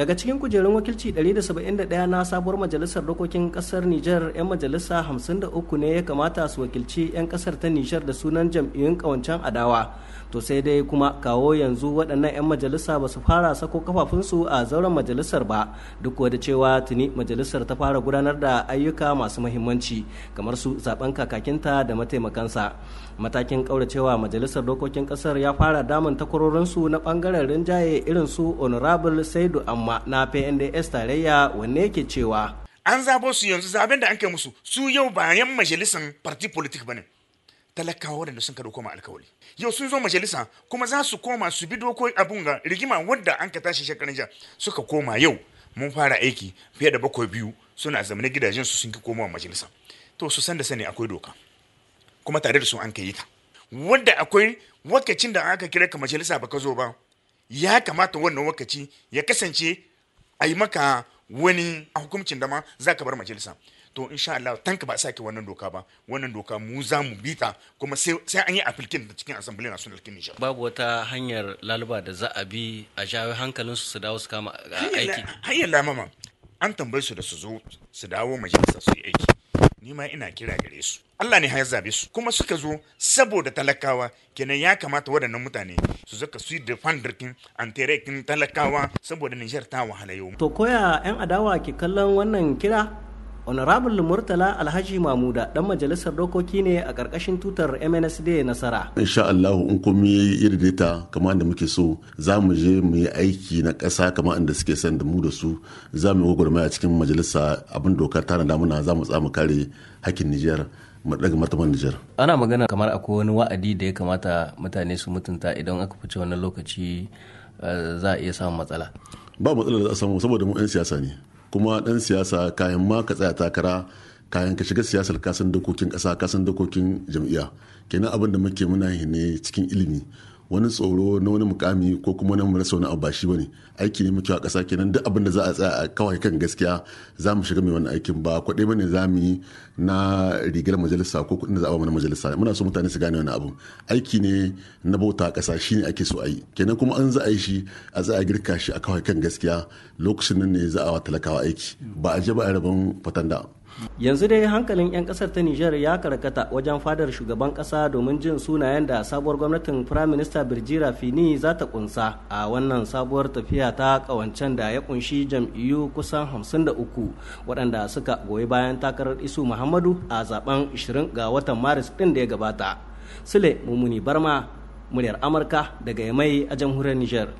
daga cikin kujerun wakilci 171 na sabuwar majalisar dokokin kasar Nijar 'yan majalisa 53 ne ya kamata su wakilci 'yan kasar ta Nijar da sunan jam'iyyun kawancen adawa to sai dai kuma kawo yanzu waɗannan 'yan majalisa ba su fara sako kafafunsu a zauren majalisar ba duk da cewa tuni majalisar ta fara gudanar da ayyuka masu muhimmanci kamar su zaben kakakinta da mataimakansa matakin kauracewa majalisar dokokin kasar ya fara damun takwarorinsu na bangaren rinjaye irin su honorable saidu amma kuma na PNDS tarayya wanne yake cewa an zabo su yanzu zaben da an kai musu su yau bayan majalisan party politik bane talakawa wadanda sun kaɗo koma alkawali yau sun zo majalisa kuma za su koma su bi dokoki abun ga rigima wadda an ka tashi shekarun jiya suka koma yau mun fara aiki fiye da bakwai biyu suna zamane gidajen su sun ki koma majalisa to su san da sani akwai doka kuma tare da su an kai ta wadda akwai wakacin da aka kira ka majalisa baka zo ba ya kamata wannan wakaci ya kasance a yi maka wani a hukuncin da ma za ka bar majalisa to insha Allah tanka ba sake wannan doka ba wannan doka mu za mu ta kuma sai an yi application da cikin assembly national kin Niger babu wata hanyar laluba da za a bi a jawo hankalin su su dawo su kama aiki hanyar lamama an tambaye su da su zo su dawo majalisa su yi aiki ni ma ina kira gare su Allah ne ya zabe su kuma suka zo saboda talakawa kenan ya kamata waɗannan mutane su zaka su yi defan dirkin talakawa saboda Nijar ta wahala yau to koya yan adawa ke kallon wannan kira honorable murtala alhaji mamuda dan majalisar dokoki ne a karkashin tutar mnsd nasara insha allahu in kuma ya daidaita kamar da muke so za mu je mu yi aiki na ƙasa kamar inda suke son da mu da su za mu yi gwagwarmaya cikin majalisa abin doka tana damuna za mu tsamu kare hakkin nijar mu daga martaban Nijar. Ana magana kamar akwai wani wa'adi da ya kamata mutane su mutunta idan aka fice wannan lokaci eh, za a iya samun matsala. Ba matsala da a samu saboda mu 'yan siyasa ne. kuma dan siyasa kayan ma ka tsaya takara kayan ka shiga siyasar kasan dokokin kasa kasan dokokin jam'iyya kenan abin da muke muna ne cikin ilimi wani tsoro na wani mukami ko kuma wani rasa wani abu ba shi bane aiki ne muke a ƙasa kenan duk abin da za a tsaya a kawai kan gaskiya za mu shiga mai wani aikin ba kuɗi bane za mu yi na rigar majalisa ko kuɗin da za a mana majalisa muna so mutane su gane wani abu aiki ne na bauta a ƙasa shi ne ake so a yi kenan kuma an za a yi shi a za a girka shi a kawai kan gaskiya lokacin nan ne za a talakawa aiki ba a je ba a rabon fatanda. yanzu dai hankalin 'yan kasar ta nijar ya karkata wajen fadar shugaban kasa domin jin sunayen da sabuwar gwamnatin prime minister birjira fini za ta kunsa a wannan sabuwar tafiya ta kawancen da ya kunshi jam'iyyu kusan 53 waɗanda suka goyi bayan takarar isu muhammadu a zaben 20 ga watan maris ɗin da ya gabata sule mumuni barma muryar amurka daga yamai a jamhuriyar nijar